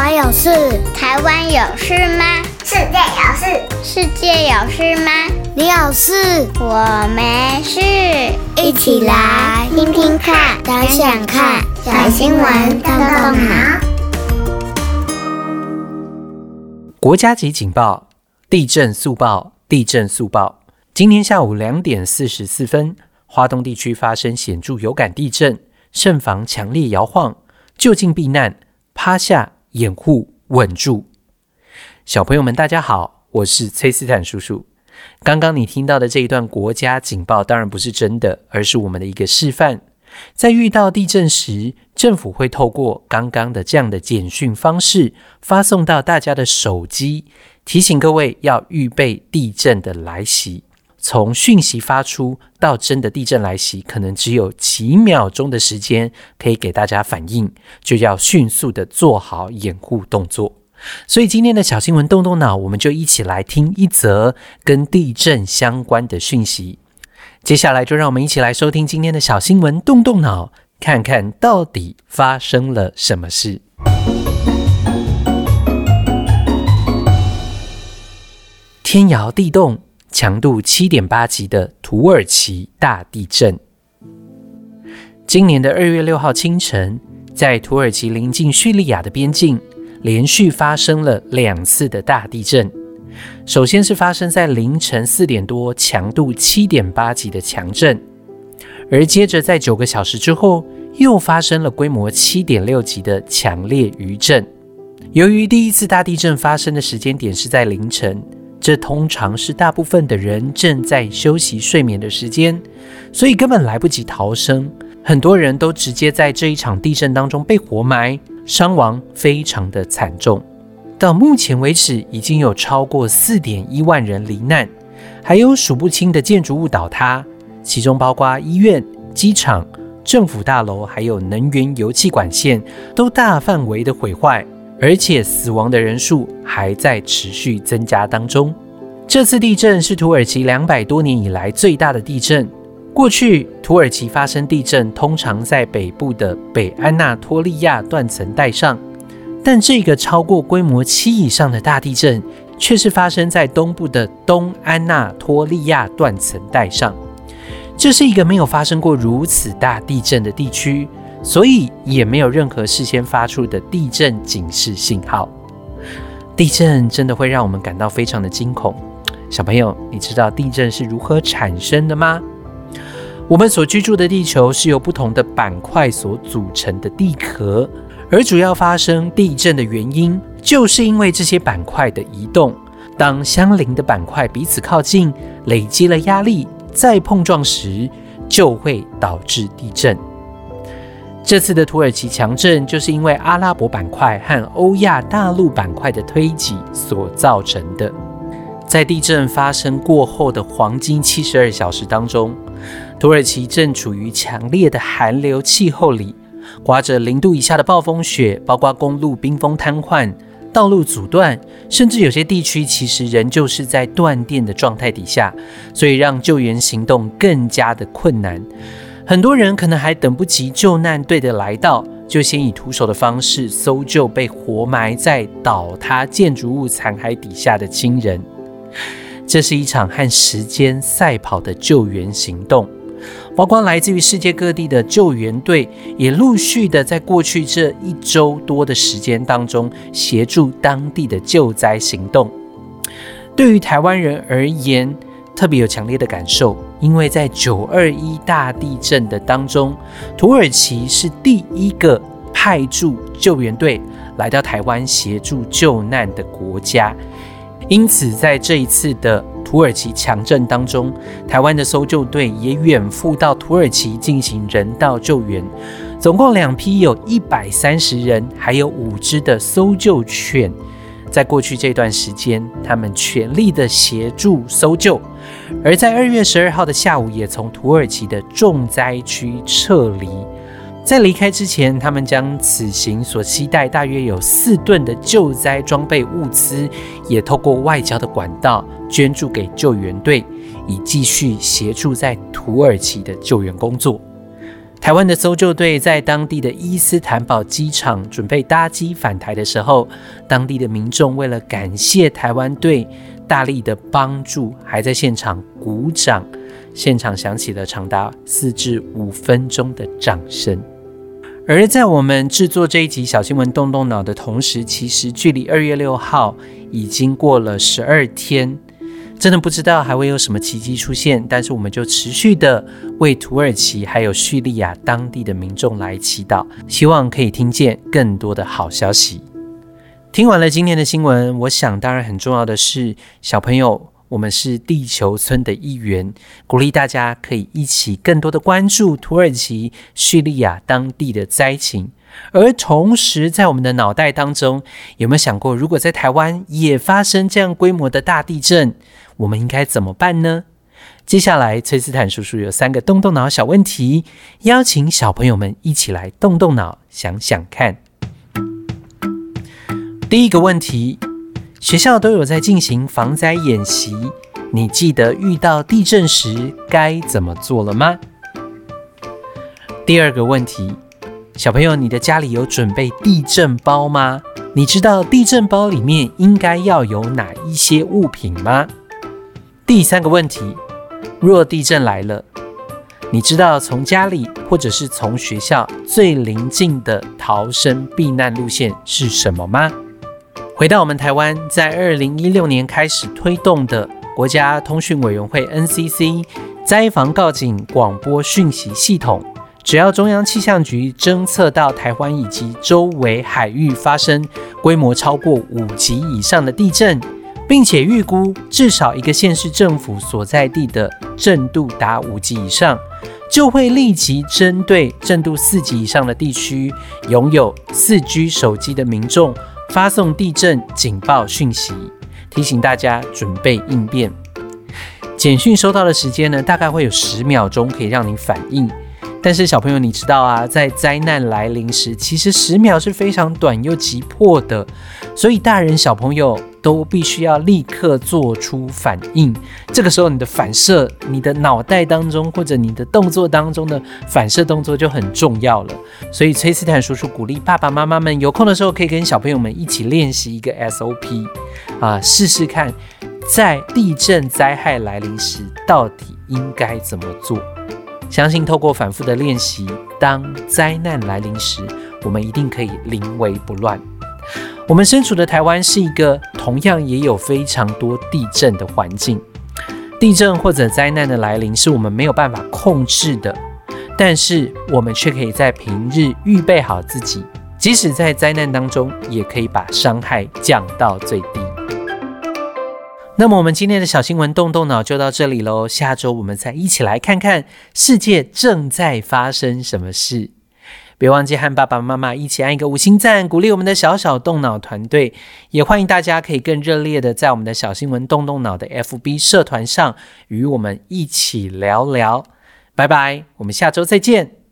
我有事，台灣有事嗎？世界有事，世界有事嗎？你有事，我沒事。一起來聽聽看，想想看，小新聞動動腦。國家級警報！地震速報！地震速報！今天下午兩點四十四分，花東地區發生顯著有感地震，慎防強烈搖晃，就近避難，趴下。掩護穩住，小朋友們，大家好，我是崔斯坦叔叔。剛剛你聽到的這一段國家警報，當然不是真的，而是我們的一個示範。在遇到地震時，政府會透過剛剛的這樣的簡訊方式發送到大家的手機，提醒各位要預備地震的來襲。從訊息發出到真的地震來襲，可能只有幾秒鐘的時間可以給大家反應，就要迅速的做好掩護動作。所以今天的小新聞動動腦，我們就一起來聽一則跟地震相關的訊息。接下來就讓我們一起來收聽今天的小新聞動動腦，看看到底發生了什麼事。天搖地動。強度七點八級的土耳其大地震。今年的二月六號清晨，在土耳其臨近敘利亞的邊境，連續發生了兩次的大地震。首先是發生在凌晨四點多，強度七點八級的強震，而接着在九個小時之後，又發生了規模七點六級的強烈餘震。由於第一次大地震發生的時間點是在凌晨。這通常是大部分的人正在休息、睡眠的時間，所以根本來不及逃生。很多人都直接在這一場地震當中被活埋，傷亡非常的慘重。到目前為止，已經有超過四點一萬人罹難，還有數不清的建築物倒塌，其中包括醫院、機場、政府大樓，還有能源、油氣管線，都大範圍的毀壞。而且死亡的人數還在持續增加當中。這次地震是土耳其兩百多年以來最大的地震。過去，土耳其發生地震通常在北部的北安納托利亞斷層帶上，但這個超過規模七以上的大地震卻是發生在東部的東安納托利亞斷層帶上。這是一個沒有發生過如此大地震的地區。所以也沒有任何事先發出的地震警示信號。地震真的會讓我們感到非常的驚恐。小朋友，你知道地震是如何產生的嗎？我們所居住的地球是由不同的板塊所組成的地殼，而主要發生地震的原因，就是因為這些板塊的移動。當相鄰的板塊彼此靠近，累積了壓力，再碰撞時，就會導致地震。這次的土耳其強震，就是因為阿拉伯板塊和歐亞大陸板塊的推擠所造成的。在地震發生過後的黃金七十二小時當中，土耳其正處於強烈的寒流氣候裡，颳着零度以下的暴風雪，包括公路冰封癱瘓、道路阻斷，甚至有些地區其實仍舊是在斷電的狀態底下，所以讓救援行動更加的困難。很多人可能還等不及救難隊的來到，就先以徒手的方式搜救被活埋在倒塌建築物殘骸底下的親人，這是一場和時間賽跑的救援行動，包括來自於世界各地的救援隊，也陸續的在過去這一周多的時間當中，協助當地的救災行動。對於台灣人而言，特別有強烈的感受。因為在九二一大地震的當中，土耳其是第一個派駐救援隊來到台灣協助救難的國家，因此在這一次的土耳其強震當中，台灣的搜救隊也遠赴到土耳其進行人道救援，總共兩批，有一百三十人，還有五隻的搜救犬。在過去這段時間，他們全力的協助搜救，而在二月十二號的下午，也從土耳其的重災區撤離。在離開之前，他們將此行所攜帶大約有四噸的救災裝備物資，也透過外交的管道捐助給救援隊，以繼續協助在土耳其的救援工作。台灣的搜救隊在當地的伊斯坦堡機場準備搭機返台的時候，當地的民眾為了感謝台灣隊大力的幫助，還在現場鼓掌，現場響起了長達四至五分鐘的掌聲。而在我們製作這一集小新聞、動動腦的同時，其實距離二月六號已經過了十二天。真的不知道還會有什麼奇蹟出現，但是我們就持續的為土耳其還有敘利亞當地的民眾來祈禱，希望可以聽見更多的好消息。聽完了今天的新聞，我想當然很重要的是，小朋友，我們是地球村的一員，鼓勵大家可以一起更多的關注土耳其、敘利亞當地的災情。而同時在我們的腦袋當中，有沒有想過如果在台灣也發生這樣規模的大地震？我們應該怎麼辦呢？接下來，崔斯坦叔叔有三個動動腦小問題，邀請小朋友們一起來動動腦，想想看。第一個問題：學校都有在進行防災演習，你記得遇到地震時該怎麼做了嗎？第二個問題：小朋友，你的家裡有準備地震包嗎？你知道地震包裡面應該要有哪一些物品嗎？第三個問題：若地震來了，你知道從家裡或者是從學校最臨近的逃生避難路線是什麼嗎？回到我們台灣，在二零一六年開始推動的國家通訊委員會 NCC 災防告警廣播訊息系統，只要中央氣象局偵測到台灣以及周圍海域發生規模超過五級以上的地震。並且預估，至少一個縣市政府所在地的震度達五級以上，就會立即針對震度四級以上的地區，擁有 4G 手機的民眾發送地震警報訊息，提醒大家準備應變。簡訊收到的時間呢，大概會有十秒鐘可以讓你反應。但是小朋友，你知道啊，在災難來臨時，其實十秒是非常短又急迫的，所以大人小朋友。都必須要立刻做出反應。這個時候，你的反射、你的腦袋當中或者你的動作當中的反射動作就很重要了。所以，崔斯坦叔叔鼓勵爸爸媽媽們有空的時候可以跟小朋友們一起練習一個 SOP 啊，呃，試試看，在地震災害來臨時到底應該怎麼做。相信透過反覆的練習，當災難來臨時，我們一定可以臨危不亂。我們身處的台灣是一個同樣也有非常多地震的環境。地震或者災難的來臨是我們沒有辦法控制的，但是我們卻可以在平日預備好自己，即使在災難當中，也可以把傷害降到最低。那麼我們今天的小新聞動動腦就到這裡嘍。下周我們再一起來看看世界正在發生什麼事。別忘記和爸爸媽媽一起按一個五星讚，鼓勵我們的小小動腦團隊。也歡迎大家可以更熱烈的在我們的小新聞動動腦的 FB 社團上與我們一起聊聊。拜拜，我們下周再見。